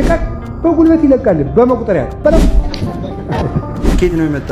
ልቀቅ። በጉልበት ይለቃል። በመቁጠሪያ በላ ኬት ነው የመጣ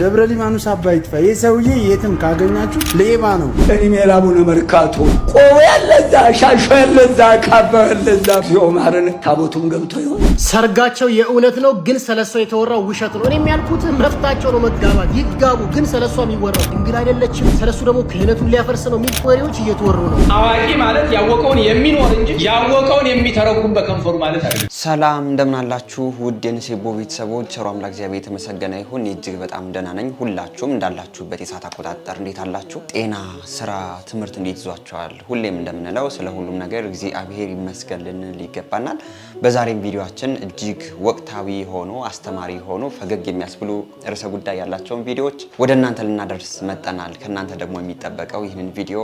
ደብረ ሊባኖስ አባይ ጥፋ። ይህ ሰውዬ የትም ካገኛችሁ ሌባ ነው። እኔ አቡነ መርካቶ ቆቦ ያለዛ፣ ሻሾ ያለዛ፣ ካባ ያለዛ ዮማርን ታቦቱም ገብቶ ይሆን ሰርጋቸው የእውነት ነው፣ ግን ስለሷ የተወራው ውሸት ነው። እኔም ያልኩት መፍታቸው ነው መጋባት፣ ይጋቡ። ግን ስለሷ የሚወራው እንግዲህ አይደለችም፣ ስለሱ ደግሞ ክህነቱን ሊያፈርስ ነው የሚል ወሬዎች እየተወሩ ነው። አዋቂ ማለት ያወቀውን የሚኖር እንጂ ያወቀውን የሚተረጉም በከንፈሩ ማለት አይደለም። ሰላም እንደምናላችሁ ውድ የንሴቦ ቤተሰቦች፣ ሰሩ አምላክ እግዚአብሔር የተመሰገነ ይሁን። እጅግ በጣም ደ ደህና ነኝ። ሁላችሁም እንዳላችሁበት የሰዓት አቆጣጠር እንዴት አላችሁ? ጤና፣ ስራ፣ ትምህርት እንዴት ይዟችኋል? ሁሌም እንደምንለው ስለ ሁሉም ነገር እግዚአብሔር ይመስገን ልንል ይገባናል። በዛሬም ቪዲዮችን እጅግ ወቅታዊ ሆኖ አስተማሪ ሆኖ ፈገግ የሚያስብሉ ርዕሰ ጉዳይ ያላቸውን ቪዲዮዎች ወደ እናንተ ልናደርስ መጠናል። ከእናንተ ደግሞ የሚጠበቀው ይህንን ቪዲዮ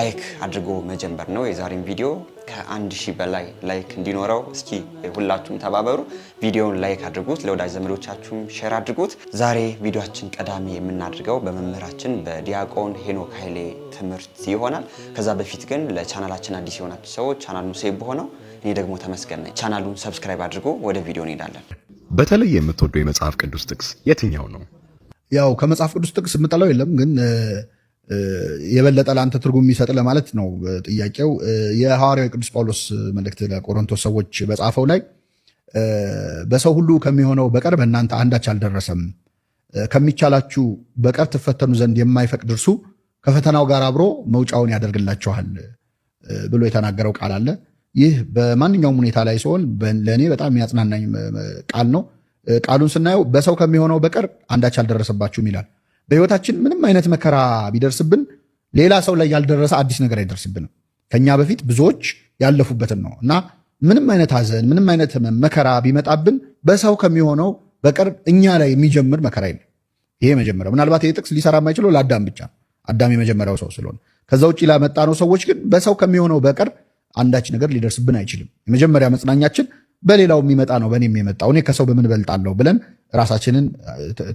ላይክ አድርጎ መጀመር ነው። የዛሬም ቪዲዮ ከአንድ ሺህ በላይ ላይክ እንዲኖረው እስኪ ሁላችሁም ተባበሩ። ቪዲዮውን ላይክ አድርጉት፣ ለወዳጅ ዘመዶቻችሁም ሼር አድርጉት። ዛሬ ቪዲዮችን ቀዳሚ የምናደርገው በመምህራችን በዲያቆን ሄኖክ ኃይሌ ትምህርት ይሆናል። ከዛ በፊት ግን ለቻናላችን አዲስ የሆናችሁ ሰዎች ቻናሉን ሴ በሆነው እኔ ደግሞ ተመስገን ነኝ። ቻናሉን ሰብስክራይብ አድርጎ ወደ ቪዲዮ እንሄዳለን። በተለይ የምትወደው የመጽሐፍ ቅዱስ ጥቅስ የትኛው ነው? ያው ከመጽሐፍ ቅዱስ ጥቅስ የምጠላው የለም ግን የበለጠ ለአንተ ትርጉም የሚሰጥ ለማለት ነው ጥያቄው። የሐዋርያው ቅዱስ ጳውሎስ መልእክት ለቆሮንቶስ ሰዎች በጻፈው ላይ በሰው ሁሉ ከሚሆነው በቀር በእናንተ አንዳች አልደረሰም፣ ከሚቻላችሁ በቀር ትፈተኑ ዘንድ የማይፈቅድ እርሱ ከፈተናው ጋር አብሮ መውጫውን ያደርግላችኋል ብሎ የተናገረው ቃል አለ። ይህ በማንኛውም ሁኔታ ላይ ሲሆን ለእኔ በጣም የሚያጽናናኝ ቃል ነው። ቃሉን ስናየው በሰው ከሚሆነው በቀር አንዳች አልደረሰባችሁም ይላል። በህይወታችን ምንም አይነት መከራ ቢደርስብን ሌላ ሰው ላይ ያልደረሰ አዲስ ነገር አይደርስብንም። ከኛ በፊት ብዙዎች ያለፉበትን ነው እና ምንም አይነት ሐዘን፣ ምንም አይነት መከራ ቢመጣብን በሰው ከሚሆነው በቀር እኛ ላይ የሚጀምር መከራ የለም። ይሄ መጀመሪያው። ምናልባት ይህ ጥቅስ ሊሰራ የማይችለው ለአዳም ብቻ አዳም የመጀመሪያው ሰው ስለሆነ። ከዛ ውጭ ነው። ሰዎች ግን በሰው ከሚሆነው በቀር አንዳች ነገር ሊደርስብን አይችልም። የመጀመሪያ መጽናኛችን በሌላው የሚመጣ ነው በእኔም የመጣው እኔ ከሰው በምን ብለን ራሳችንን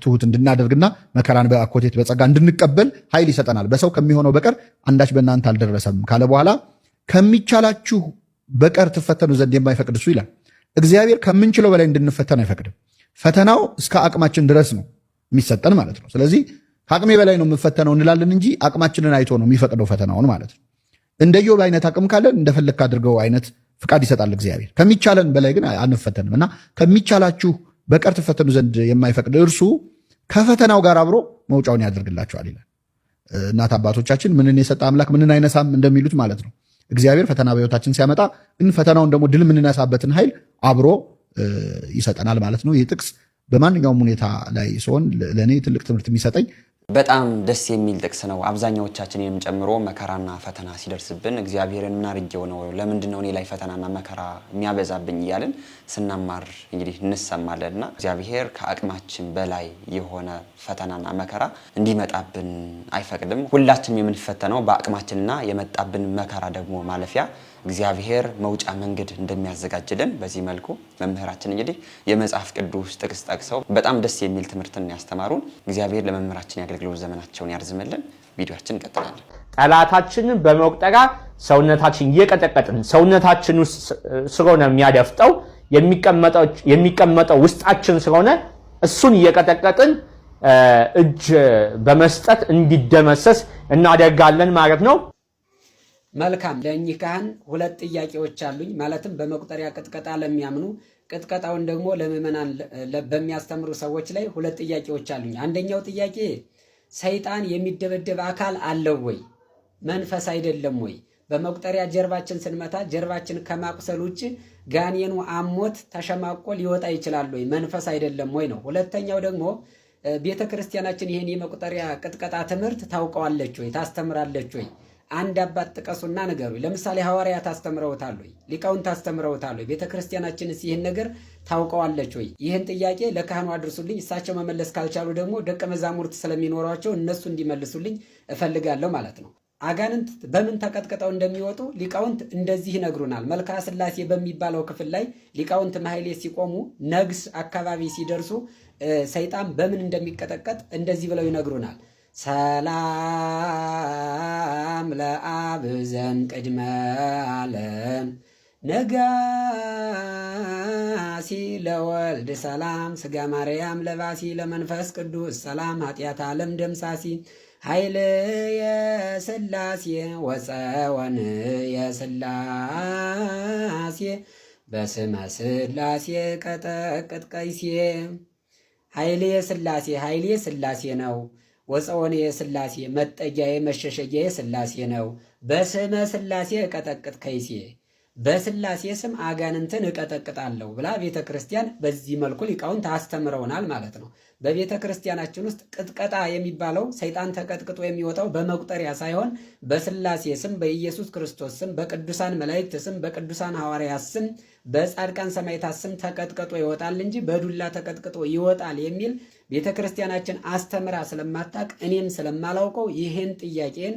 ትሁት እንድናደርግና መከራን በአኮቴት በጸጋ እንድንቀበል ኃይል ይሰጠናል። በሰው ከሚሆነው በቀር አንዳች በእናንተ አልደረሰም ካለ በኋላ ከሚቻላችሁ በቀር ትፈተኑ ዘንድ የማይፈቅድ እሱ ይላል። እግዚአብሔር ከምንችለው በላይ እንድንፈተን አይፈቅድም። ፈተናው እስከ አቅማችን ድረስ ነው የሚሰጠን ማለት ነው። ስለዚህ ከአቅሜ በላይ ነው የምፈተነው እንላለን እንጂ አቅማችንን አይቶ ነው የሚፈቅደው ፈተናውን ማለት ነው። እንደ ዮብ አይነት አቅም ካለን እንደፈለግ አድርገው አይነት ፍቃድ ይሰጣል እግዚአብሔር። ከሚቻለን በላይ ግን አንፈተንም እና ከሚቻላችሁ በቀር ትፈተኑ ዘንድ የማይፈቅድ እርሱ ከፈተናው ጋር አብሮ መውጫውን ያደርግላቸዋል ይላል። እናት አባቶቻችን ምንን የሰጠ አምላክ ምንን አይነሳም እንደሚሉት ማለት ነው። እግዚአብሔር ፈተና በሕይወታችን ሲያመጣ እን ፈተናውን ደግሞ ድል የምንነሳበትን ኃይል አብሮ ይሰጠናል ማለት ነው። ይህ ጥቅስ በማንኛውም ሁኔታ ላይ ሲሆን ለእኔ ትልቅ ትምህርት የሚሰጠኝ በጣም ደስ የሚል ጥቅስ ነው። ይህም ጨምሮ መከራና ፈተና ሲደርስብን እግዚአብሔርን እናርጌው ነው ለምንድን ነው እኔ ላይ ፈተናና መከራ የሚያበዛብኝ እያልን ስናማር እንግዲህ እንሰማለን እና እግዚአብሔር ከአቅማችን በላይ የሆነ ፈተናና መከራ እንዲመጣብን አይፈቅድም። ሁላችንም የምንፈተነው በአቅማችንና የመጣብን መከራ ደግሞ ማለፊያ እግዚአብሔር መውጫ መንገድ እንደሚያዘጋጅልን በዚህ መልኩ መምህራችን እንግዲህ የመጽሐፍ ቅዱስ ጥቅስ ጠቅሰው በጣም ደስ የሚል ትምህርትን ያስተማሩን። እግዚአብሔር ለመምህራችን የአገልግሎት ዘመናቸውን ያርዝምልን። ቪዲዮችን እንቀጥላለን። ጠላታችንን በመቁጠሪያ ሰውነታችን እየቀጠቀጥን ሰውነታችን ውስጥ ስለሆነ የሚያደፍጠው የሚቀመጠው ውስጣችን ስለሆነ እሱን እየቀጠቀጥን እጅ በመስጠት እንዲደመሰስ እናደርጋለን ማለት ነው። መልካም ለእኚህ ካህን ሁለት ጥያቄዎች አሉኝ። ማለትም በመቁጠሪያ ቅጥቀጣ ለሚያምኑ ቅጥቀጣውን ደግሞ ለምዕመናን በሚያስተምሩ ሰዎች ላይ ሁለት ጥያቄዎች አሉኝ። አንደኛው ጥያቄ ሰይጣን የሚደበደብ አካል አለው ወይ? መንፈስ አይደለም ወይ? በመቁጠሪያ ጀርባችን ስንመታ ጀርባችን ከማቁሰል ውጭ ጋኔኑ አሞት ተሸማቆ ሊወጣ ይችላል ወይ? መንፈስ አይደለም ወይ ነው። ሁለተኛው ደግሞ ቤተ ክርስቲያናችን ይህን የመቁጠሪያ ቅጥቀጣ ትምህርት ታውቀዋለች ወይ? ታስተምራለች ወይ? አንድ አባት ጥቀሱና ነገሩ ለምሳሌ ሐዋርያት አስተምረውታል ወይ? ሊቃውንት አስተምረውታል ወይ? ቤተ ክርስቲያናችንስ ይህን ነገር ታውቀዋለች ወይ? ይህን ጥያቄ ለካህኑ አድርሱልኝ። እሳቸው መመለስ ካልቻሉ ደግሞ ደቀ መዛሙርት ስለሚኖሯቸው እነሱ እንዲመልሱልኝ እፈልጋለሁ ማለት ነው። አጋንንት በምን ተቀጥቅጠው እንደሚወጡ ሊቃውንት እንደዚህ ይነግሩናል። መልካ ሥላሴ በሚባለው ክፍል ላይ ሊቃውንት ማሕሌ ሲቆሙ ነግስ አካባቢ ሲደርሱ ሰይጣን በምን እንደሚቀጠቀጥ እንደዚህ ብለው ይነግሩናል። ሰላም ለአብ ዘን ቅድመ ዓለም ነጋሲ ለወልድ ሰላም ስጋ ማርያም ለባሲ ለመንፈስ ቅዱስ ሰላም ኃጢአት ዓለም ደምሳሲ ኃይል የስላሴ ወፀወን የስላሴ በስመ ስላሴ ቀጠቅጥ ቀይሴ ኃይል የስላሴ ኃይል የስላሴ ነው። ወፀወኔ የስላሴ መጠጊያ የመሸሸጊያ የስላሴ ነው። በስመ ስላሴ እቀጠቅጥ ከይሴ በስላሴ ስም አጋንንትን እቀጠቅጣለሁ ብላ ቤተ ክርስቲያን በዚህ መልኩ ሊቃውንት አስተምረውናል ማለት ነው። በቤተ ክርስቲያናችን ውስጥ ቅጥቀጣ የሚባለው ሰይጣን ተቀጥቅጦ የሚወጣው በመቁጠሪያ ሳይሆን በስላሴ ስም፣ በኢየሱስ ክርስቶስ ስም፣ በቅዱሳን መላእክት ስም፣ በቅዱሳን ሐዋርያት ስም፣ በጻድቃን ሰማዕታት ስም ተቀጥቀጦ ይወጣል እንጂ በዱላ ተቀጥቅጦ ይወጣል የሚል ቤተ ክርስቲያናችን አስተምራ ስለማታቅ እኔም ስለማላውቀው ይህን ጥያቄን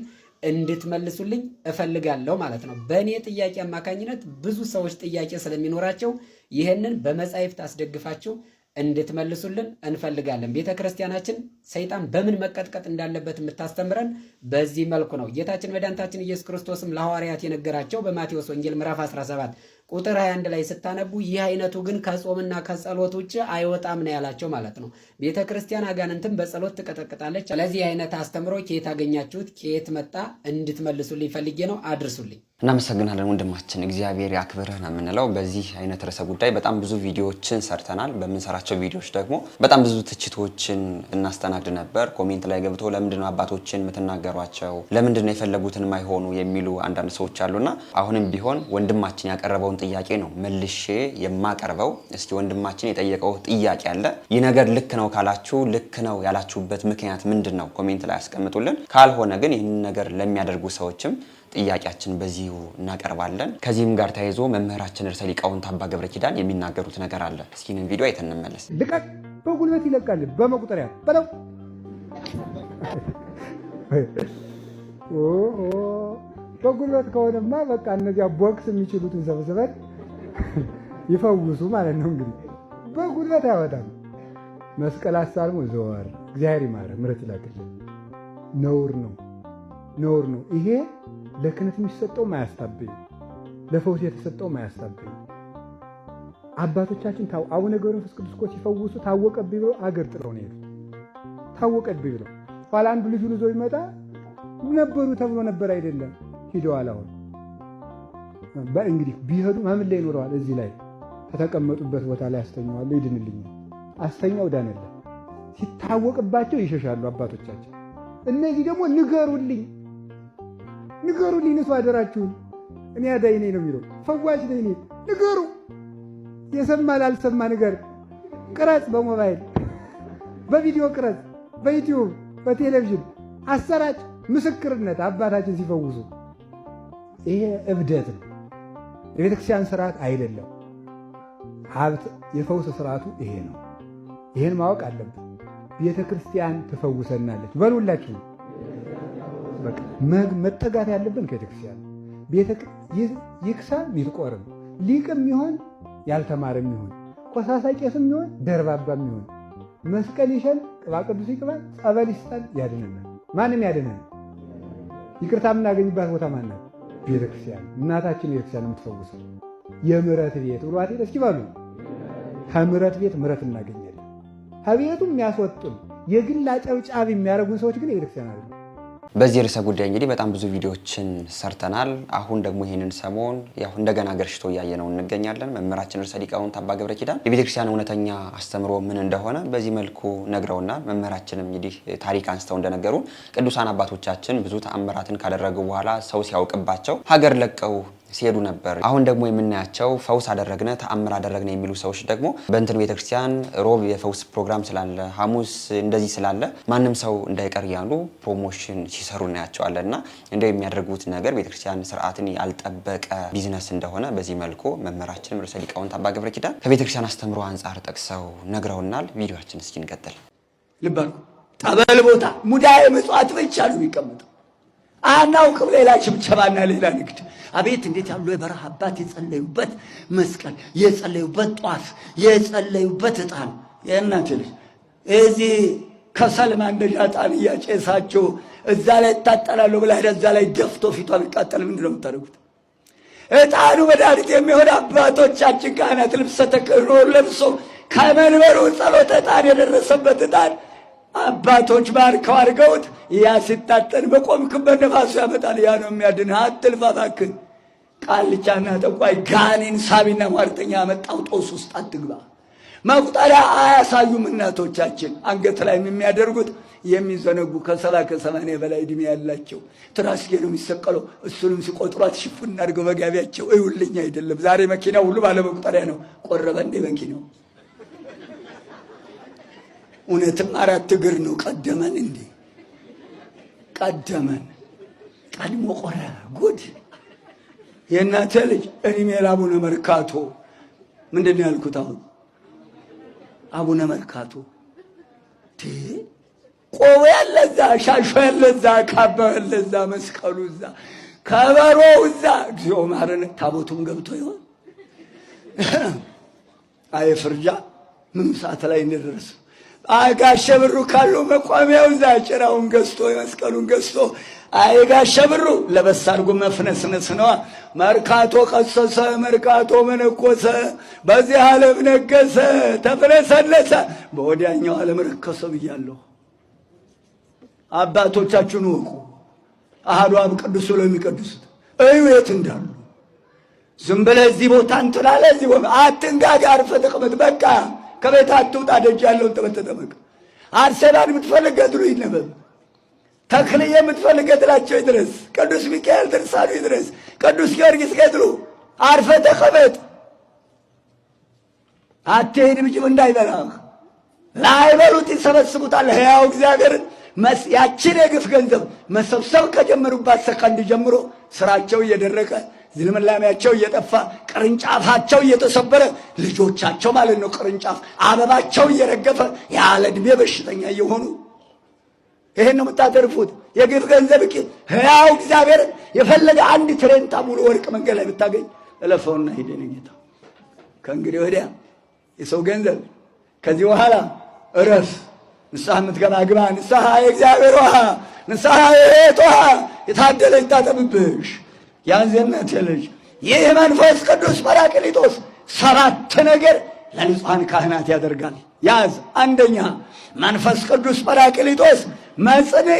እንድትመልሱልኝ እፈልጋለሁ ማለት ነው። በእኔ ጥያቄ አማካኝነት ብዙ ሰዎች ጥያቄ ስለሚኖራቸው ይህንን በመጻሕፍት አስደግፋችሁ እንድትመልሱልን እንፈልጋለን። ቤተ ክርስቲያናችን ሰይጣን በምን መቀጥቀጥ እንዳለበት የምታስተምረን በዚህ መልኩ ነው። ጌታችን መድኃኒታችን ኢየሱስ ክርስቶስም ለሐዋርያት የነገራቸው በማቴዎስ ወንጌል ምዕራፍ 17 ቁጥር 21 ላይ ስታነቡ ይህ አይነቱ ግን ከጾምና ከጸሎት ውጭ አይወጣም ነው ያላቸው ማለት ነው። ቤተ ክርስቲያን አጋንንትን በጸሎት ትቀጠቅጣለች። ስለዚህ አይነት አስተምሮ ከየት አገኛችሁት? ከየት መጣ? እንድትመልሱልኝ ፈልጌ ነው። አድርሱልኝ። እናመሰግናለን ወንድማችን፣ እግዚአብሔር ያክብርህ ነው የምንለው። በዚህ አይነት ርዕሰ ጉዳይ በጣም ብዙ ቪዲዮዎችን ሰርተናል። በምንሰራቸው ቪዲዮዎች ደግሞ በጣም ብዙ ትችቶችን እናስተናግድ ነበር። ኮሜንት ላይ ገብቶ ለምንድነው አባቶችን የምትናገሯቸው? ለምንድነው የፈለጉትን ማይሆኑ የሚሉ አንዳንድ ሰዎች አሉና አሁንም ቢሆን ወንድማችን ያቀረበውን ጥያቄ ነው መልሼ የማቀርበው። እስኪ ወንድማችን የጠየቀው ጥያቄ አለ። ይህ ነገር ልክ ነው ካላችሁ ልክ ነው ያላችሁበት ምክንያት ምንድን ነው? ኮሜንት ላይ ያስቀምጡልን። ካልሆነ ግን ይህን ነገር ለሚያደርጉ ሰዎችም ጥያቄያችን በዚሁ እናቀርባለን። ከዚህም ጋር ተያይዞ መምህራችን ርዕሰ ሊቃውንት አባ ገብረ ኪዳን የሚናገሩት ነገር አለ። እስኪንን ቪዲዮ አይተን እንመለስ። ልቀቅ፣ በጉልበት ይለቃል፣ በመቁጠሪያ በለው በጉልበት ከሆነማ በቃ እነዚያ ቦክስ የሚችሉትን ሰብስበን ይፈውሱ ማለት ነው። እንግዲህ በጉልበት አይወጣም። መስቀል አሳልሞ ዘዋር እግዚአብሔር ይማረ ምረት ላክል ነውር ነው፣ ነውር ነው። ይሄ ለክህነት የሚሰጠውም አያስታብኝ፣ ለፈውስ የተሰጠውም አያስታብኝ። አባቶቻችን አቡነ ገብረ መንፈስ ቅዱስ እኮ ሲፈውሱ ታወቀብኝ ብለው አገር ጥለው ነው የሄዱት። ታወቀብኝ ብለው ኋላ አንዱ ልጁን ይዞ ይመጣ ነበሩ ተብሎ ነበር አይደለም ሂደዋል። አሁን በእንግዲህ ቢሄዱ ማምን ላይ ይኖረዋል። እዚህ ላይ ከተቀመጡበት ቦታ ላይ አስተኛዋለሁ፣ ይድንልኛል። አስተኛው ዳነለ። ሲታወቅባቸው ይሸሻሉ አባቶቻቸው። እነዚህ ደግሞ ንገሩልኝ፣ ንገሩልኝ፣ ንሱ አደራችሁን፣ እኔ አዳይ ነኝ ነው የሚለው፣ ፈዋሽ ነኝ እኔ። ንገሩ፣ የሰማ ላልሰማ ንገር፣ ቅረጽ፣ በሞባይል በቪዲዮ ቅረጽ፣ በዩትዩብ በቴሌቪዥን አሰራጭ ምስክርነት አባታችን ሲፈውሱ ይሄ እብደት ነው። የቤተክርስቲያን ስርዓት አይደለም። ሀብት የፈውስ ስርዓቱ ይሄ ነው። ይህን ማወቅ አለብን። ቤተ ክርስቲያን ትፈውሰናለች። በሉላችሁ መጠጋት ያለብን ከቤተ ክርስቲያን ይክሳ ሚትቆርም ሊቅም ይሆን ያልተማረም ይሆን ቆሳሳ ቄስም ይሆን ደርባባም ይሆን መስቀል ይሸን ቅባ ቅዱስ ይቅባል ጸበል ይስጠን ያድነናል። ማንም ያድነን። ይቅርታ የምናገኝባት ቦታ ማናት? ቤተክርስቲያን እናታችን ቤተክርስቲያን የምትፈውሰው የምረት ቤት ብሏት እስኪ በሉ ከምረት ቤት ምረት እናገኛለን። ከቤቱ የሚያስወጡን የግል አጨብጫቢ የሚያደርጉን ሰዎች ግን የቤተክርስቲያን አለ በዚህ ርዕሰ ጉዳይ እንግዲህ በጣም ብዙ ቪዲዮዎችን ሰርተናል። አሁን ደግሞ ይህንን ሰሞን ያው እንደገና ገርሽቶ እያየ ነው እንገኛለን። መምህራችን ርዕሰ ሊቃውንት አባ ገብረ ኪዳን የቤተክርስቲያን እውነተኛ አስተምሮ ምን እንደሆነ በዚህ መልኩ ነግረውናል። መምህራችንም እንግዲህ ታሪክ አንስተው እንደነገሩ ቅዱሳን አባቶቻችን ብዙ ተአምራትን ካደረጉ በኋላ ሰው ሲያውቅባቸው ሀገር ለቀው ሲሄዱ ነበር። አሁን ደግሞ የምናያቸው ፈውስ አደረግነ ተአምር አደረግነ የሚሉ ሰዎች ደግሞ በእንትን ቤተክርስቲያን ሮብ የፈውስ ፕሮግራም ስላለ፣ ሐሙስ እንደዚህ ስላለ ማንም ሰው እንዳይቀር እያሉ ፕሮሞሽን ሲሰሩ እናያቸዋለን። እና እንደው የሚያደርጉት ነገር ቤተክርስቲያን ስርዓትን ያልጠበቀ ቢዝነስ እንደሆነ በዚህ መልኩ መምህራችን ርዕሰ ሊቃውንት አባ ገብረ ኪዳን ከቤተክርስቲያን አስተምሮ አንጻር ጠቅሰው ነግረውናል። ቪዲዮችን እስኪ እንቀጥል። ልባሉ ጠበል ቦታ ሙዳየ ምጽዋት ብቻ ነው የሚቀመጠው። አናውቅም ሌላ ጭብጨባና ሌላ ንግድ አቤት እንዴት ያሉ የበረሃ አባት የጸለዩበት መስቀል፣ የጸለዩበት ጧፍ፣ የጸለዩበት እጣን። የእናት ልጅ እዚህ ከሰል ማንደጃ ዕጣን እያጨሳችሁ እዛ ላይ እታጠላለሁ ብላ ሄዳ እዛ ላይ ደፍቶ ፊቷ ቢቃጠል ምንድን ነው የምታደርጉት? እጣኑ መድኃኒት የሚሆን አባቶቻችን ካህናት ልብሰ ተክህኖ ለብሶ ከመንበሩ ጸሎት እጣን የደረሰበት እጣን አባቶች ባርከው አድርገውት ያ ሲታጠን በቆምክበት ነፋሱ ያመጣል። ያ ነው የሚያድን። አትልፋ እባክህ። ቃልቻና ጠቋይ ጋኔን ሳቢና ሟርተኛ ያመጣው ጦስ ውስጥ አትግባ። መቁጠሪያ አያሳዩም እናቶቻችን። አንገት ላይ የሚያደርጉት የሚዘነጉ ከሰባ ከሰማንያ በላይ እድሜ ያላቸው ትራስጌ ነው የሚሰቀለው። እሱንም ሲቆጥሯት ሽፉን አድርገው መጋቢያቸው እዩልኝ። አይደለም ዛሬ መኪና ሁሉ ባለመቁጠሪያ ነው። ቆረበ እንዴ መኪናው? እውነትም አራት እግር ነው። ቀደመን እንዴ ቀደመን። ቀድሞ ቆረ ጉድ። የእናተ ልጅ እኒሜል አቡነ መርካቶ ምንድን ነው ያልኩት? አሁን አቡነ መርካቶ ቆቡ ያለዛ፣ ሻሾ ያለዛ፣ ካባው ያለዛ፣ መስቀሉ እዛ፣ ከበሮው እዛ። እግዚኦ ማረነ። ታቦቱም ገብቶ ይሆን? አይ ፍርጃ ምኑ ሰዓት ላይ እንደደረስ አጋሸ ብሩ ካለው መቋሚያው እዛ ጭራውን ገዝቶ መስቀሉን ገዝቶ አይ ጋሸ ብሩ ለበስ አድርጎ መፍነስነስ ነዋ። መርካቶ ቀሰሰ፣ መርካቶ መነኮሰ፣ በዚህ ዓለም ነገሰ፣ ተፍለሰለሰ፣ በወዲያኛው ዓለም ረከሰ ብያለሁ። አባቶቻችን ወቁ አህዶ አብ ቅዱስ ብለው የሚቀድሱት እዩ የት እንዳሉ ዝም ብለህ እዚህ ቦታ እንትላለ እዚህ አትንጋጋ፣ አርፈህ ተቀመጥ በቃ ከቤት አትውጣ፣ ደጅ ያለውን ተጠበቅ። አርሴናን የምትፈልገ ድሩ ይነበብ። ተክልዬ የምትፈልገ ገድላቸው ይድረስ። ቅዱስ ሚካኤል ድርሳኑ ይድረስ። ቅዱስ ጊዮርጊስ ገድሉ አርፈ ተቀመጥ። አትሄድ ብጅም እንዳይበላህ ላይበሉት ይሰበስቡታል። ሕያው እግዚአብሔርን ያችን የግፍ ገንዘብ መሰብሰብ ከጀመሩባት ሰከንድ ጀምሮ ስራቸው እየደረቀ ዝልምላሚያቸው እየጠፋ ቅርንጫፋቸው እየተሰበረ ልጆቻቸው ማለት ነው ቅርንጫፍ አበባቸው እየረገፈ ያለ በሽተኛ እየሆኑ ይህን ነው የምታተርፉት። የግፍ ገንዘብ ቂ ሕያው እግዚአብሔር የፈለገ አንድ ትሬንታ ሙሉ ወርቅ መንገድ ላይ ብታገኝ እለፈውና ሂደን ጌታ ከእንግዲህ ወዲያ የሰው ገንዘብ ከዚህ በኋላ እረፍ። ንስሐ የምትገባ ግባ። ንስሐ የእግዚአብሔር ውሃ፣ ንስሐ የቤት ውሃ የታደለ ይታጠብብሽ። ያዘነት ልጅ ይህ መንፈስ ቅዱስ ጰራቅሊጦስ ሰባት ነገር ለንጹሐን ካህናት ያደርጋል። ያዝ። አንደኛ መንፈስ ቅዱስ ጰራቅሊጦስ መጽንዒ፣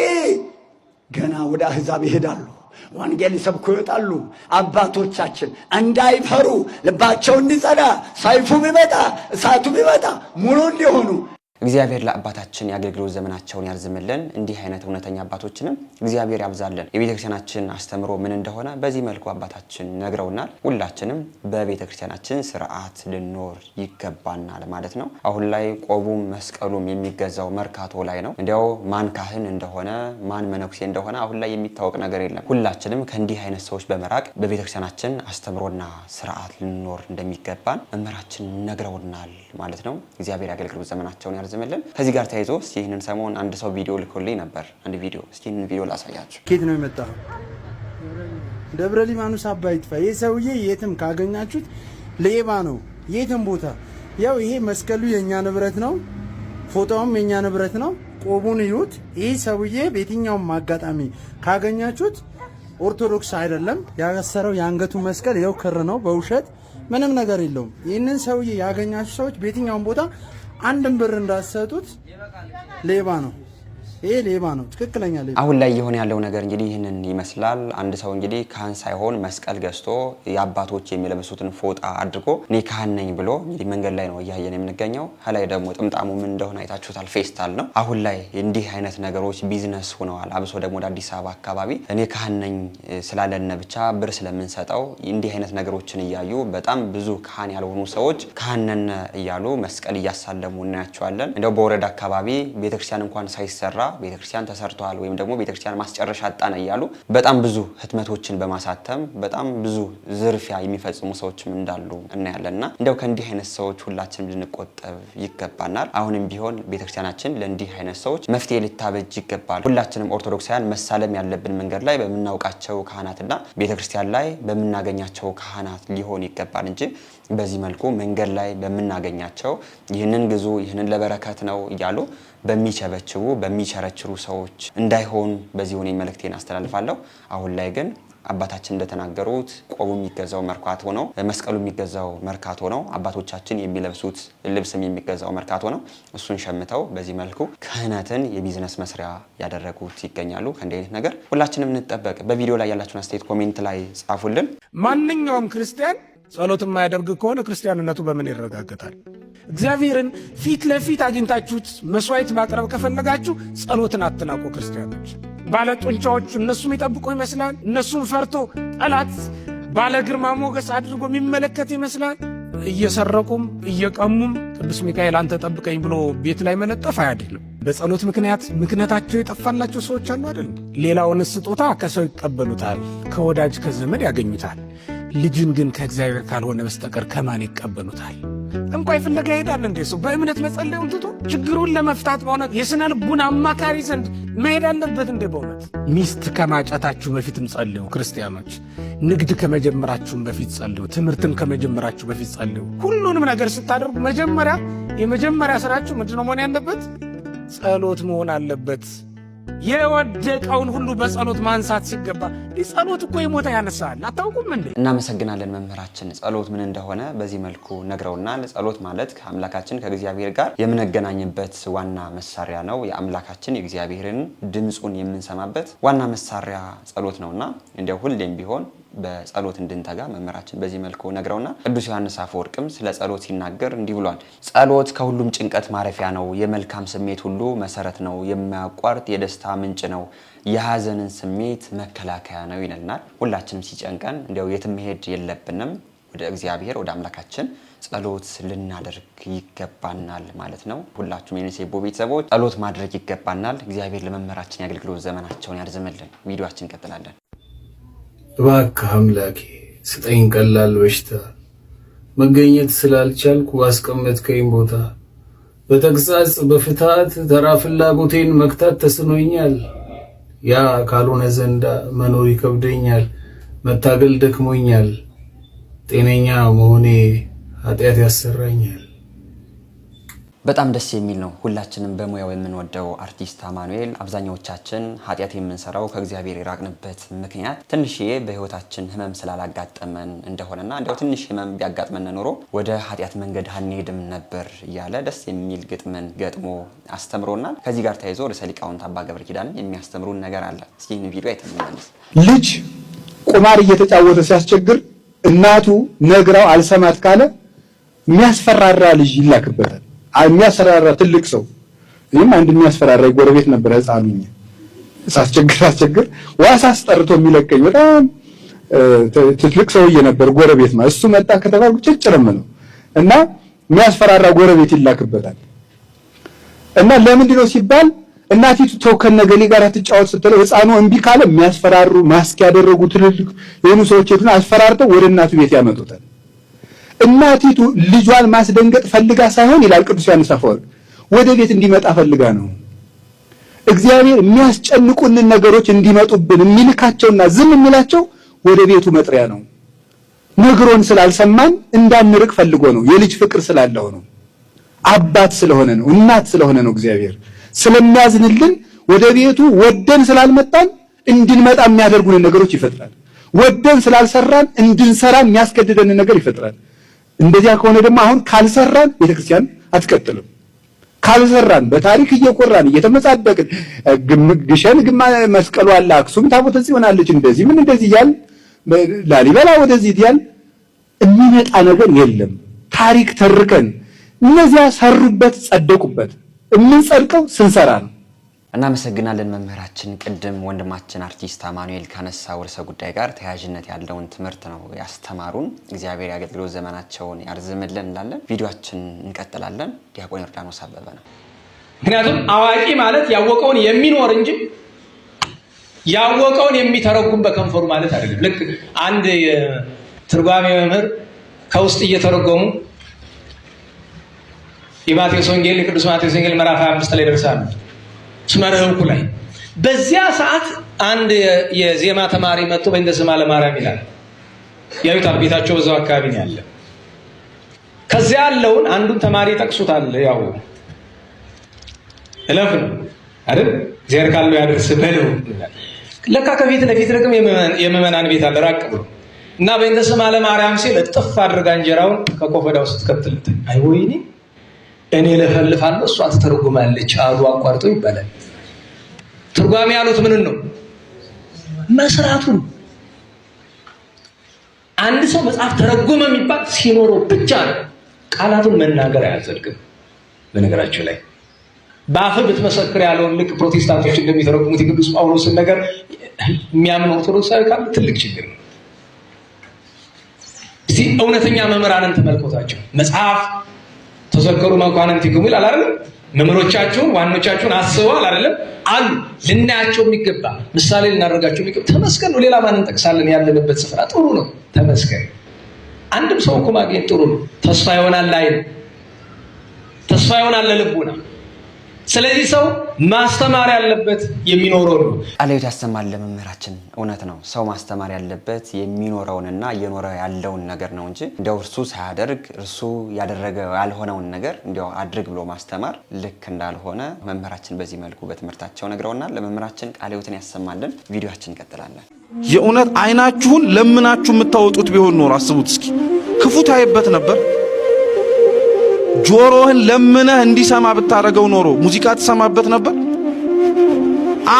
ገና ወደ አሕዛብ ይሄዳሉ፣ ወንጌል ይሰብኩ ይወጣሉ። አባቶቻችን እንዳይፈሩ ልባቸው እንዲጸዳ ሰይፉ ቢመጣ እሳቱ ቢመጣ ሙሉ እንዲሆኑ እግዚአብሔር ለአባታችን የአገልግሎት ዘመናቸውን ያርዝምልን። እንዲህ አይነት እውነተኛ አባቶችንም እግዚአብሔር ያብዛልን። የቤተክርስቲያናችን አስተምሮ ምን እንደሆነ በዚህ መልኩ አባታችን ነግረውናል። ሁላችንም በቤተክርስቲያናችን ስርዓት ልኖር ይገባናል ማለት ነው። አሁን ላይ ቆቡም መስቀሉም የሚገዛው መርካቶ ላይ ነው። እንዲያው ማን ካህን እንደሆነ ማን መነኩሴ እንደሆነ አሁን ላይ የሚታወቅ ነገር የለም። ሁላችንም ከእንዲህ አይነት ሰዎች በመራቅ በቤተክርስቲያናችን አስተምሮና ስርዓት ልንኖር እንደሚገባን መምህራችን ነግረውናል ማለት ነው። እግዚአብሔር የአገልግሎት ዘመናቸውን የሚያስመዝምልን። ከዚህ ጋር ተያይዞ እስኪ ይህንን ሰሞን አንድ ሰው ቪዲዮ ልኮልኝ ነበር። አንድ ቪዲዮ እስኪ ይህንን ቪዲዮ ላሳያችሁ። ኬት ነው የመጣ ደብረ ሊባኖስ አባይ ይህ ሰውዬ የትም ካገኛችሁት ሌባ ነው፣ የትም ቦታ ያው ይሄ መስቀሉ የእኛ ንብረት ነው፣ ፎጣውም የእኛ ንብረት ነው። ቆቡን ይዩት። ይህ ሰውዬ በየትኛውም አጋጣሚ ካገኛችሁት ኦርቶዶክስ አይደለም። ያሰረው የአንገቱ መስቀል ይኸው ክር ነው፣ በውሸት ምንም ነገር የለውም። ይህንን ሰውዬ ያገኛችሁ ሰዎች በየትኛውም ቦታ አንድን ብር እንዳትሰጡት ሌባ ነው። ይሄ ሌባ ነው፣ ትክክለኛ ሌባ። አሁን ላይ እየሆነ ያለው ነገር እንግዲህ ይህንን ይመስላል። አንድ ሰው እንግዲህ ካህን ሳይሆን መስቀል ገዝቶ የአባቶች የሚለብሱትን ፎጣ አድርጎ እኔ ካህን ነኝ ብሎ እንግዲህ መንገድ ላይ ነው እያየን የምንገኘው። ከላይ ደግሞ ጥምጣሙ ምን እንደሆነ አይታችሁታል፣ ፌስታል ነው። አሁን ላይ እንዲህ አይነት ነገሮች ቢዝነስ ሆነዋል። አብሶ ደግሞ ወደ አዲስ አበባ አካባቢ እኔ ካህን ነኝ ስላለነ ብቻ ብር ስለምንሰጠው እንዲህ አይነት ነገሮችን እያዩ በጣም ብዙ ካህን ያልሆኑ ሰዎች ካህን እያሉ መስቀል እያሳለሙ እናያቸዋለን። እንደው በወረዳ አካባቢ ቤተክርስቲያን እንኳን ሳይሰራ ቤተክርስቲያን ተሰርተዋል ወይም ደግሞ ቤተክርስቲያን ማስጨረሻ አጣን እያሉ በጣም ብዙ ህትመቶችን በማሳተም በጣም ብዙ ዝርፊያ የሚፈጽሙ ሰዎችም እንዳሉ እናያለን እና እንደው ከእንዲህ አይነት ሰዎች ሁላችንም ልንቆጠብ ይገባናል። አሁንም ቢሆን ቤተክርስቲያናችን ለእንዲህ አይነት ሰዎች መፍትሄ ልታበጅ ይገባል። ሁላችንም ኦርቶዶክሳውያን መሳለም ያለብን መንገድ ላይ በምናውቃቸው ካህናትና ቤተክርስቲያን ላይ በምናገኛቸው ካህናት ሊሆን ይገባል እንጂ በዚህ መልኩ መንገድ ላይ በምናገኛቸው ይህንን ግዙ፣ ይህንን ለበረከት ነው እያሉ በሚቸበችቡ በሚቸረችሩ ሰዎች እንዳይሆን በዚህ ሆኔ መልእክቴን አስተላልፋለሁ። አሁን ላይ ግን አባታችን እንደተናገሩት ቆቡ የሚገዛው መርካቶ ሆነው መስቀሉ የሚገዛው መርካቶ ነው። አባቶቻችን የሚለብሱት ልብስም የሚገዛው መርካቶ ነው። እሱን ሸምተው በዚህ መልኩ ክህነትን የቢዝነስ መስሪያ ያደረጉት ይገኛሉ። ከእንዲህ አይነት ነገር ሁላችንም እንጠበቅ። በቪዲዮ ላይ ያላችሁን አስተያየት ኮሜንት ላይ ጻፉልን። ማንኛውም ክርስቲያን ጸሎት የማያደርግ ከሆነ ክርስቲያንነቱ በምን ይረጋገጣል? እግዚአብሔርን ፊት ለፊት አግኝታችሁት መስዋይት ማቅረብ ከፈለጋችሁ ጸሎትን አትናቁ። ክርስቲያኖች ባለ እነሱ እነሱም ይመስላል። እነሱም ፈርቶ ጠላት ባለ ግርማ ሞገስ አድርጎ የሚመለከት ይመስላል። እየሰረቁም እየቀሙም ቅዱስ ሚካኤል አንተ ጠብቀኝ ብሎ ቤት ላይ መለጠፍ አያድልም። በጸሎት ምክንያት ምክነታቸው የጠፋላቸው ሰዎች አሉ አይደል? ሌላውን ስጦታ ከሰው ይቀበሉታል፣ ከወዳጅ ከዘመድ ያገኙታል። ልጅን ግን ከእግዚአብሔር ካልሆነ በስተቀር ከማን ይቀበሉታል? ጠንቋይ ፍለጋ ይሄዳል እንዴ? ሰው በእምነት መጸለዩን ትቶ ችግሩን ለመፍታት በእውነት የስነ ልቡን አማካሪ ዘንድ መሄድ አለበት እንዴ? በእውነት ሚስት ከማጨታችሁ በፊትም ጸልዩ። ክርስቲያኖች ንግድ ከመጀመራችሁም በፊት ጸልዩ። ትምህርትም ከመጀመራችሁ በፊት ጸልዩ። ሁሉንም ነገር ስታደርጉ መጀመሪያ የመጀመሪያ ስራችሁ ምንድነው መሆን ያለበት? ጸሎት መሆን አለበት። የወደቀውን ሁሉ በጸሎት ማንሳት ሲገባ ጸሎት እኮ የሞተ ያነሳል። አታውቁም እንዴ? እናመሰግናለን መምህራችን፣ ጸሎት ምን እንደሆነ በዚህ መልኩ ነግረውናል። ጸሎት ማለት ከአምላካችን ከእግዚአብሔር ጋር የምንገናኝበት ዋና መሳሪያ ነው። የአምላካችን የእግዚአብሔርን ድምፁን የምንሰማበት ዋና መሳሪያ ጸሎት ነውና እንዲያው ሁሌም ቢሆን በጸሎት እንድንተጋ መምህራችን በዚህ መልኩ ነግረውና ቅዱስ ዮሐንስ አፈወርቅም ስለ ጸሎት ሲናገር እንዲህ ብሏል። ጸሎት ከሁሉም ጭንቀት ማረፊያ ነው፣ የመልካም ስሜት ሁሉ መሰረት ነው፣ የማያቋርጥ የደስታ ምንጭ ነው፣ የሀዘንን ስሜት መከላከያ ነው ይለናል። ሁላችንም ሲጨንቀን እንዲያው የትም መሄድ የለብንም ወደ እግዚአብሔር ወደ አምላካችን ጸሎት ልናደርግ ይገባናል ማለት ነው። ሁላችሁም የንሴቦ ቤተሰቦች ጸሎት ማድረግ ይገባናል። እግዚአብሔር ለመምህራችን የአገልግሎት ዘመናቸውን ያርዝምልን። ቪዲዮችን እንቀጥላለን። እባክህ አምላኬ ስጠኝ ቀላል በሽታ መገኘት ስላልቻልኩ ባስቀመጥከኝ ቦታ በተግሳጽ በፍትሃት ተራ ፍላጎቴን መክታት ተስኖኛል። ያ ካልሆነ ዘንዳ መኖር ይከብደኛል፣ መታገል ደክሞኛል። ጤነኛ መሆኔ ኃጢአት ያሰራኛል። በጣም ደስ የሚል ነው። ሁላችንም በሙያው የምንወደው አርቲስት አማኑኤል፣ አብዛኛዎቻችን ኃጢአት የምንሰራው ከእግዚአብሔር የራቅንበት ምክንያት ትንሽዬ በህይወታችን ህመም ስላላጋጠመን እንደሆነና እንዲያው ትንሽ ህመም ቢያጋጥመን ኖሮ ወደ ኃጢአት መንገድ አንሄድም ነበር እያለ ደስ የሚል ግጥምን ገጥሞ አስተምሮናል። ከዚህ ጋር ተያይዞ ርዕሰ ሊቃውንት አባ ገብረ ኪዳን የሚያስተምሩን ነገር አለ። እስኪ ቪዲዮ አይተመለስ። ልጅ ቁማር እየተጫወተ ሲያስቸግር እናቱ ነግራው አልሰማት ካለ የሚያስፈራራ ልጅ ይላክበታል። የሚያስፈራራ ትልቅ ሰው ይህም አንድ የሚያስፈራራ ጎረቤት ነበረ። ህፃኑ ሳስቸግር አስቸግር ዋሳ አስጠርቶ የሚለቀኝ በጣም ትልቅ ሰውዬ ነበር ጎረቤት ማለት እሱ መጣ ከተባልኩ ጭጭርም ነው እና የሚያስፈራራ ጎረቤት ይላክበታል። እና ለምንድን ነው ሲባል እናቲቱ ተው ከነገሌ ጋር ትጫወት ስትለው ህፃኑ እምቢ ካለ የሚያስፈራሩ ማስክ ያደረጉ ትልልቅ የሆኑ ሰዎች አስፈራርተው ወደ እናቱ ቤት ያመጡታል። እናቲቱ ልጇን ማስደንገጥ ፈልጋ ሳይሆን ይላል ቅዱስ ዮሐንስ አፈወርቅ፣ ወደ ቤት እንዲመጣ ፈልጋ ነው። እግዚአብሔር የሚያስጨንቁንን ነገሮች እንዲመጡብን የሚልካቸውና ዝም የሚላቸው ወደ ቤቱ መጥሪያ ነው። ነግሮን ስላልሰማን እንዳንርቅ ፈልጎ ነው። የልጅ ፍቅር ስላለው ነው። አባት ስለሆነ ነው። እናት ስለሆነ ነው። እግዚአብሔር ስለሚያዝንልን ወደ ቤቱ ወደን ስላልመጣን እንድንመጣ የሚያደርጉንን ነገሮች ይፈጥራል። ወደን ስላልሰራን እንድንሰራ የሚያስገድደንን ነገር ይፈጥራል። እንደዚያ ከሆነ ደግሞ አሁን ካልሰራን ቤተክርስቲያን አትቀጥልም። ካልሰራን በታሪክ እየኮራን እየተመጻደቅን ግሸን ግማ መስቀሉ አለ አክሱም ታቦተ ጽዮን አለች እንደዚህ ምን እንደዚህ እያል ላሊበላ ወደዚህ እያል የሚመጣ ነገር የለም። ታሪክ ተርከን እነዚያ ሰሩበት፣ ጸደቁበት። የምንጸድቀው ስንሰራ ነው። እናመሰግናለን መምህራችን። ቅድም ወንድማችን አርቲስት አማኑኤል ካነሳው ርዕሰ ጉዳይ ጋር ተያያዥነት ያለውን ትምህርት ነው ያስተማሩን። እግዚአብሔር የአገልግሎት ዘመናቸውን ያርዝምልን እንላለን። ቪዲዮችን እንቀጥላለን። ዲያቆን ዮርዳኖስ አበበ ነው። ምክንያቱም አዋቂ ማለት ያወቀውን የሚኖር እንጂ ያወቀውን የሚተረጉም በከንፈሩ ማለት አይደለም። ልክ አንድ ትርጓሜ መምህር ከውስጥ እየተረጎሙ የማቴዎስ ወንጌል የቅዱስ ማቴዎስ ወንጌል ምዕራፍ 25 ላይ ደርሳሉ እስመረህኩ ላይ በዚያ ሰዓት አንድ የዜማ ተማሪ መጥቶ በእንደ ስማ ለማርያም ይላል። ያዩታል። ቤታቸው በዛው አካባቢ ነው ያለ። ከዚያ ያለውን አንዱን ተማሪ ጠቅሱታል። ያው እለፍ ነው አይደል? እግዚአብሔር ካለው ያደርስ በለው። ለካ ከፊት ለፊት ደግሞ የምዕመናን ቤት አለ ራቅ ብሎ እና በእንደ ስማ ለማርያም ሲል እጥፍ አድርጋ እንጀራውን ከኮፈዳው ስትከትልት አይ ወይኔ እኔ ልፈልፋለሁ እሷ ትተርጉማለች አሉ አቋርጠው ይባላል። ትርጓሜ ያሉት ምንን ነው? መስራቱን። አንድ ሰው መጽሐፍ ተረጎመ የሚባል ሲኖረው ብቻ ነው። ቃላቱን መናገር አያዘልቅም በነገራችሁ ላይ በአፍ ብትመሰክር ያለውን ልክ ፕሮቴስታንቶች እንደሚተረጉሙት የቅዱስ ጳውሎስን ነገር የሚያምን ኦርቶዶክሳዊ ካለ ትልቅ ችግር ነው። እስቲ እውነተኛ መምህራንን ተመልከቷቸው። መጽሐፍ ተዘከሩ መኳንንቲኩም ይላል አይደለም። መምህሮቻችሁን ዋኖቻችሁን አስበዋል አይደለም አሉ። ልናያቸው የሚገባ ምሳሌ ልናደርጋቸው የሚገባ ተመስገን ነው። ሌላ ማን እንጠቅሳለን? ያለንበት ስፍራ ጥሩ ነው፣ ተመስገን። አንድም ሰው እኮ ማግኘት ጥሩ ነው። ተስፋ ይሆናል ላይ ተስፋ ይሆናል ለልቡና ስለዚህ ሰው ማስተማር ያለበት የሚኖረው ነው። ቃላዊት ያሰማል ለመምህራችን እውነት ነው። ሰው ማስተማር ያለበት የሚኖረውንና እየኖረ ያለውን ነገር ነው እንጂ እንዲያው እርሱ ሳያደርግ እርሱ ያደረገ ያልሆነውን ነገር እንዲያው አድርግ ብሎ ማስተማር ልክ እንዳልሆነ መምህራችን በዚህ መልኩ በትምህርታቸው ነግረውናል። ለመምህራችን ቃላዊትን ያሰማልን። ቪዲዮችን እንቀጥላለን። የእውነት አይናችሁን ለምናችሁ የምታወጡት ቢሆን ኖር አስቡት እስኪ ክፉ ታይበት ነበር ጆሮህን ለምነህ እንዲሰማ ብታረገው ኖሮ ሙዚቃ ትሰማበት ነበር?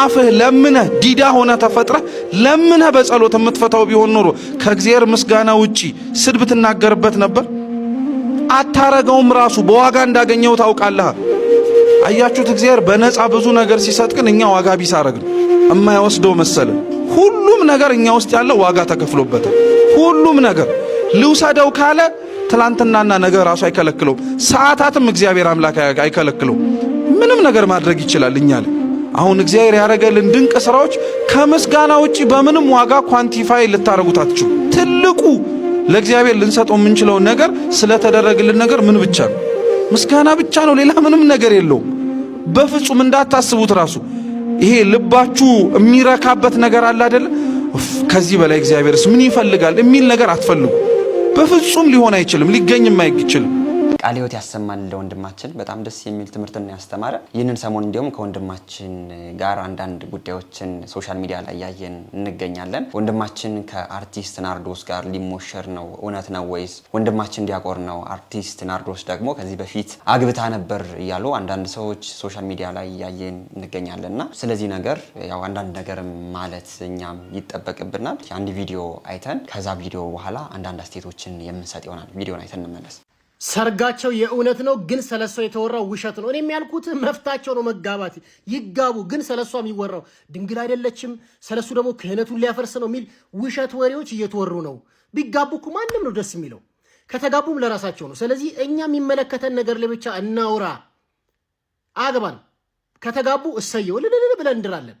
አፍህ ለምነህ ዲዳ ሆነ ተፈጥረህ ለምነህ በጸሎት የምትፈታው ቢሆን ኖሮ ከእግዚአብሔር ምስጋና ውጪ ስድ ብትናገርበት ነበር? አታረገውም። ራሱ በዋጋ እንዳገኘው ታውቃለህ። አያችሁት? እግዚአብሔር በነፃ ብዙ ነገር ሲሰጥ ግን እኛ ዋጋ ቢስ አረግን። እማይወስደው መሰለን። ሁሉም ነገር እኛ ውስጥ ያለው ዋጋ ተከፍሎበታል። ሁሉም ነገር ልውሰደው ካለ ትላንትናና ነገ ራሱ አይከለክለውም። ሰዓታትም እግዚአብሔር አምላክ አይከለክለውም። ምንም ነገር ማድረግ ይችላል። እኛ አሁን እግዚአብሔር ያደረገልን ድንቅ ስራዎች ከምስጋና ውጪ በምንም ዋጋ ኳንቲፋይ ልታደርጉት አትችሉ። ትልቁ ለእግዚአብሔር ልንሰጠው የምንችለውን ነገር ስለተደረግልን ነገር ምን ብቻ ነው? ምስጋና ብቻ ነው። ሌላ ምንም ነገር የለውም። በፍጹም እንዳታስቡት። ራሱ ይሄ ልባችሁ የሚረካበት ነገር አለ አይደለ? ከዚህ በላይ እግዚአብሔርስ ምን ይፈልጋል የሚል ነገር አትፈልጉ። በፍጹም ሊሆን አይችልም፣ ሊገኝም አይችልም። ቃለ ሕይወት ያሰማል ለወንድማችን በጣም ደስ የሚል ትምህርትን ያስተማረ። ይህንን ሰሞን እንዲሁም ከወንድማችን ጋር አንዳንድ ጉዳዮችን ሶሻል ሚዲያ ላይ ያየን እንገኛለን። ወንድማችን ከአርቲስት ናርዶስ ጋር ሊሞሸር ነው፣ እውነት ነው ወይስ? ወንድማችን ዲያቆር ነው፣ አርቲስት ናርዶስ ደግሞ ከዚህ በፊት አግብታ ነበር እያሉ አንዳንድ ሰዎች ሶሻል ሚዲያ ላይ ያየን እንገኛለን እና ስለዚህ ነገር ያው አንዳንድ ነገር ማለት እኛም ይጠበቅብናል። አንድ ቪዲዮ አይተን ከዛ ቪዲዮ በኋላ አንዳንድ አስቴቶችን የምንሰጥ ይሆናል። ቪዲዮን አይተን እንመለስ። ሰርጋቸው የእውነት ነው፣ ግን ስለሷ የተወራው ውሸት ነው። እኔም ያልኩት መፍታቸው ነው መጋባት፣ ይጋቡ። ግን ስለሷ የሚወራው ድንግል አይደለችም፣ ስለሱ ደግሞ ክህነቱን ሊያፈርስ ነው የሚል ውሸት ወሬዎች እየተወሩ ነው። ቢጋቡ እኮ ማንም ነው ደስ የሚለው፣ ከተጋቡም ለራሳቸው ነው። ስለዚህ እኛ የሚመለከተን ነገር ለብቻ እናውራ። አግባን ከተጋቡ እሰየው ልልል ብለን እንድራለን።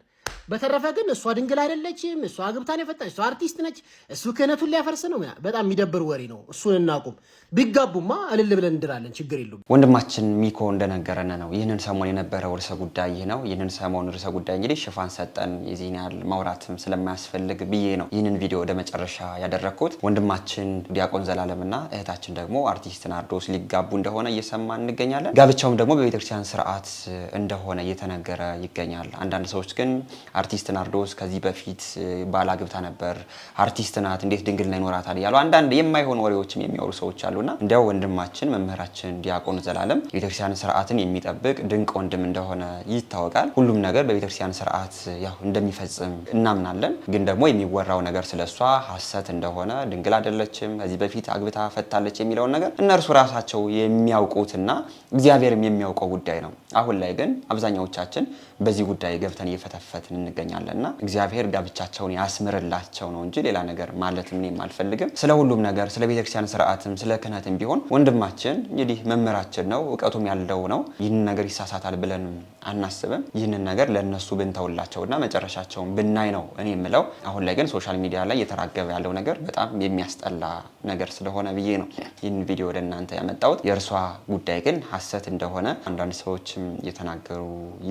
በተረፈ ግን እሷ ድንግል አይደለችም፣ እሷ አግብታን የፈጣች እሷ አርቲስት ነች፣ እሱ ክህነቱን ሊያፈርስ ነው። በጣም የሚደብር ወሬ ነው። እሱን እናቁም። ቢጋቡማ እልል ብለን እንድራለን። ችግር የለም። ወንድማችን ሚኮ እንደነገረን ነው ይህንን ሰሞን የነበረው ርዕሰ ጉዳይ ይህ ነው። ይህንን ሰሞን ርዕሰ ጉዳይ እንግዲህ ሽፋን ሰጠን፣ የዚህን ያህል ማውራትም ስለማያስፈልግ ብዬ ነው ይህንን ቪዲዮ ወደ መጨረሻ ያደረግኩት። ወንድማችን ዲያቆን ዘላለምና እህታችን ደግሞ አርቲስት ናርዶስ ሊጋቡ እንደሆነ እየሰማ እንገኛለን። ጋብቻውም ደግሞ በቤተክርስቲያን ስርዓት እንደሆነ እየተነገረ ይገኛል። አንዳንድ ሰዎች ግን አርቲስት ናርዶስ ከዚህ በፊት ግብታ ነበር፣ አርቲስት ናት፣ እንዴት ድንግልና ይኖራታል እያሉ አንዳንድ የማይሆኑ ወሬዎችም የሚወሩ ሰዎች አሉና እንዲያው ወንድማችን መምህራችን ዲያቆን ዘላለም የቤተክርስቲያን ስርዓትን የሚጠብቅ ድንቅ ወንድም እንደሆነ ይታወቃል። ሁሉም ነገር በቤተክርስቲያን ስርዓት ያው እንደሚፈጽም እናምናለን። ግን ደግሞ የሚወራው ነገር ስለሷ ሀሰት እንደሆነ ድንግል አይደለችም፣ ከዚህ በፊት አግብታ ፈታለች የሚለውን ነገር እነርሱ ራሳቸው የሚያውቁትና እግዚአብሔርም የሚያውቀው ጉዳይ ነው። አሁን ላይ ግን አብዛኛዎቻችን በዚህ ጉዳይ ገብተን እየፈተፈትን እንገኛለን እና እግዚአብሔር ጋብቻቸውን ያስምርላቸው ነው እንጂ ሌላ ነገር ማለት ምን አልፈልግም። ስለ ሁሉም ነገር ስለ ቤተክርስቲያን ስርዓትም ስለ ክህነትም ቢሆን ወንድማችን እንግዲህ መምህራችን ነው፣ እውቀቱም ያለው ነው። ይህን ነገር ይሳሳታል ብለን አናስብም። ይህንን ነገር ለእነሱ ብንተውላቸውና መጨረሻቸውን ብናይ ነው እኔ የምለው። አሁን ላይ ግን ሶሻል ሚዲያ ላይ እየተራገበ ያለው ነገር በጣም የሚያስጠላ ነገር ስለሆነ ብዬ ነው ይህን ቪዲዮ ወደ እናንተ ያመጣሁት። የእርሷ ጉዳይ ግን ሀሰት እንደሆነ አንዳንድ ሰዎችም እየተናገሩ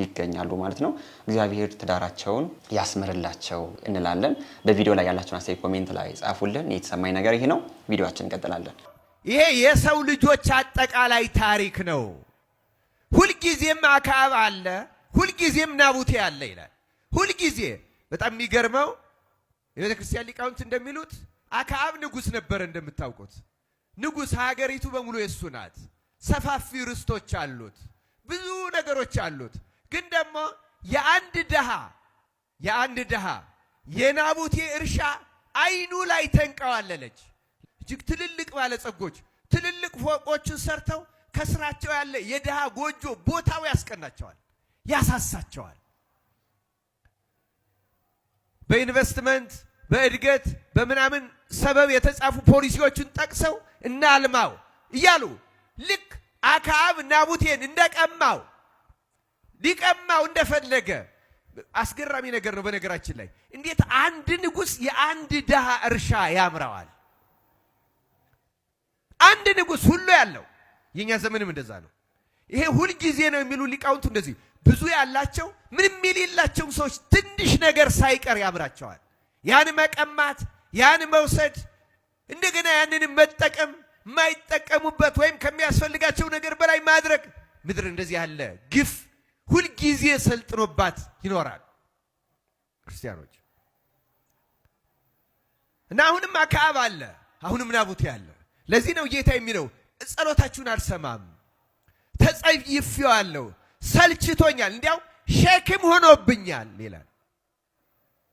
ይገኛሉ ማለት ነው። እግዚአብሔር ትዳራቸውን ያስምርላቸው እንላለን። በቪዲዮ ላይ ያላቸውን አስተያየት ኮሜንት ላይ ጻፉልን። የተሰማኝ ነገር ይሄ ነው። ቪዲዮችን እንቀጥላለን። ይሄ የሰው ልጆች አጠቃላይ ታሪክ ነው። ሁልጊዜም አክዓብ አለ፣ ሁልጊዜም ናቡቴ አለ ይላል። ሁልጊዜ በጣም የሚገርመው የቤተ ክርስቲያን ሊቃውንት እንደሚሉት አክዓብ ንጉሥ ነበር። እንደምታውቁት ንጉሥ ሀገሪቱ በሙሉ የእሱ ናት። ሰፋፊ ርስቶች አሉት፣ ብዙ ነገሮች አሉት። ግን ደግሞ የአንድ ድሃ የአንድ ድሃ የናቡቴ እርሻ አይኑ ላይ ተንቀዋለለች። እጅግ ትልልቅ ባለጸጎች ትልልቅ ፎቆችን ሰርተው ከስራቸው ያለ የድሃ ጎጆ ቦታው ያስቀናቸዋል፣ ያሳሳቸዋል። በኢንቨስትመንት በእድገት በምናምን ሰበብ የተጻፉ ፖሊሲዎችን ጠቅሰው እናልማው እያሉ ልክ አክዓብ ናቡቴን እንደቀማው ሊቀማው እንደፈለገ አስገራሚ ነገር ነው። በነገራችን ላይ እንዴት አንድ ንጉሥ የአንድ ድሃ እርሻ ያምረዋል? አንድ ንጉሥ ሁሉ ያለው የእኛ ዘመንም እንደዛ ነው። ይሄ ሁልጊዜ ነው የሚሉ ሊቃውንቱ እንደዚህ ብዙ ያላቸው ምንም የሌላቸውን ሰዎች ትንሽ ነገር ሳይቀር ያምራቸዋል። ያን መቀማት፣ ያን መውሰድ፣ እንደገና ያንን መጠቀም፣ የማይጠቀሙበት ወይም ከሚያስፈልጋቸው ነገር በላይ ማድረግ። ምድር እንደዚህ ያለ ግፍ ሁልጊዜ ሰልጥኖባት ይኖራል። ክርስቲያኖች እና አሁንም አክዓብ አለ፣ አሁንም ናቡቴ አለ። ለዚህ ነው ጌታ የሚለው ጸሎታችሁን አልሰማም፣ ተጸይፌዋለሁ፣ ሰልችቶኛል፣ እንዲያው ሸክም ሆኖብኛል ይላል።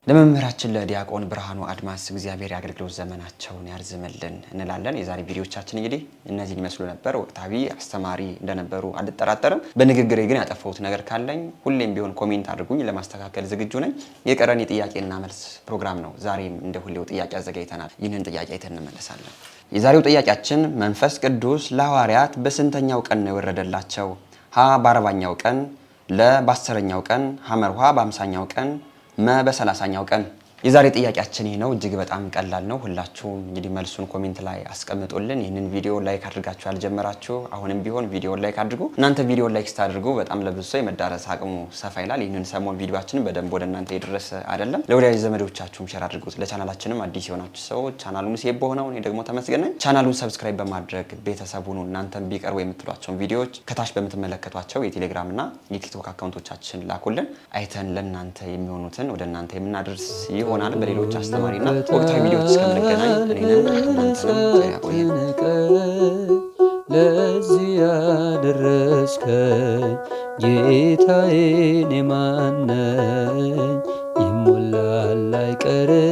ለመምህራችን ለዲያቆን ብርሃኑ አድማስ እግዚአብሔር የአገልግሎት ዘመናቸውን ያርዝምልን እንላለን። የዛሬ ቪዲዮቻችን እንግዲህ እነዚህን ይመስሉ ነበር። ወቅታዊ አስተማሪ እንደነበሩ አልጠራጠርም። በንግግሬ ግን ያጠፋሁት ነገር ካለኝ ሁሌም ቢሆን ኮሜንት አድርጉኝ፣ ለማስተካከል ዝግጁ ነኝ። የቀረን የጥያቄና መልስ ፕሮግራም ነው። ዛሬም እንደ ሁሌው ጥያቄ አዘጋጅተናል። ይህንን ጥያቄ አይተን እንመለሳለን። የዛሬው ጥያቄያችን መንፈስ ቅዱስ ለሐዋርያት በስንተኛው ቀን ነው የወረደላቸው? ሀ በአርባኛው ቀን፣ ለ በአስረኛው ቀን፣ ሐመርሃ በአምሳኛው ቀን፣ መ በሰላሳኛው ቀን የዛሬ ጥያቄያችን ይህ ነው። እጅግ በጣም ቀላል ነው። ሁላችሁም እንግዲህ መልሱን ኮሜንት ላይ አስቀምጡልን። ይህንን ቪዲዮ ላይክ አድርጋችሁ ያልጀመራችሁ አሁንም ቢሆን ቪዲዮ ላይክ አድርጉ። እናንተ ቪዲዮ ላይክ ስታድርጉ በጣም ለብዙ ሰው የመዳረስ አቅሙ ሰፋ ይላል። ይህንን ሰሞን ቪዲዮችን በደንብ ወደ እናንተ የደረሰ አይደለም። ለወዳጅ ዘመዶቻችሁም ሸር አድርጉት። ለቻናላችንም አዲስ የሆናችሁ ሰዎች ቻናሉን ሴ በሆነው እኔ ደግሞ ተመስገነኝ ቻናሉን ሰብስክራይብ በማድረግ ቤተሰብ ሁኑ። እናንተም ቢቀርቡ የምትሏቸውን ቪዲዮዎች ከታች በምትመለከቷቸው የቴሌግራምና የቲክቶክ አካውንቶቻችን ላኩልን። አይተን ለእናንተ የሚሆኑትን ወደ እናንተ የምናደርስ ይሆናል። በሌሎች አስተማሪና ወቅታዊ ቪዲዮዎች እስከምንገናኝ ጌታዬ እኔ ይሞላል አይቀርም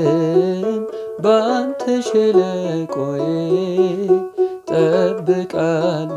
ሸለቆዬ ጠብቃለሁና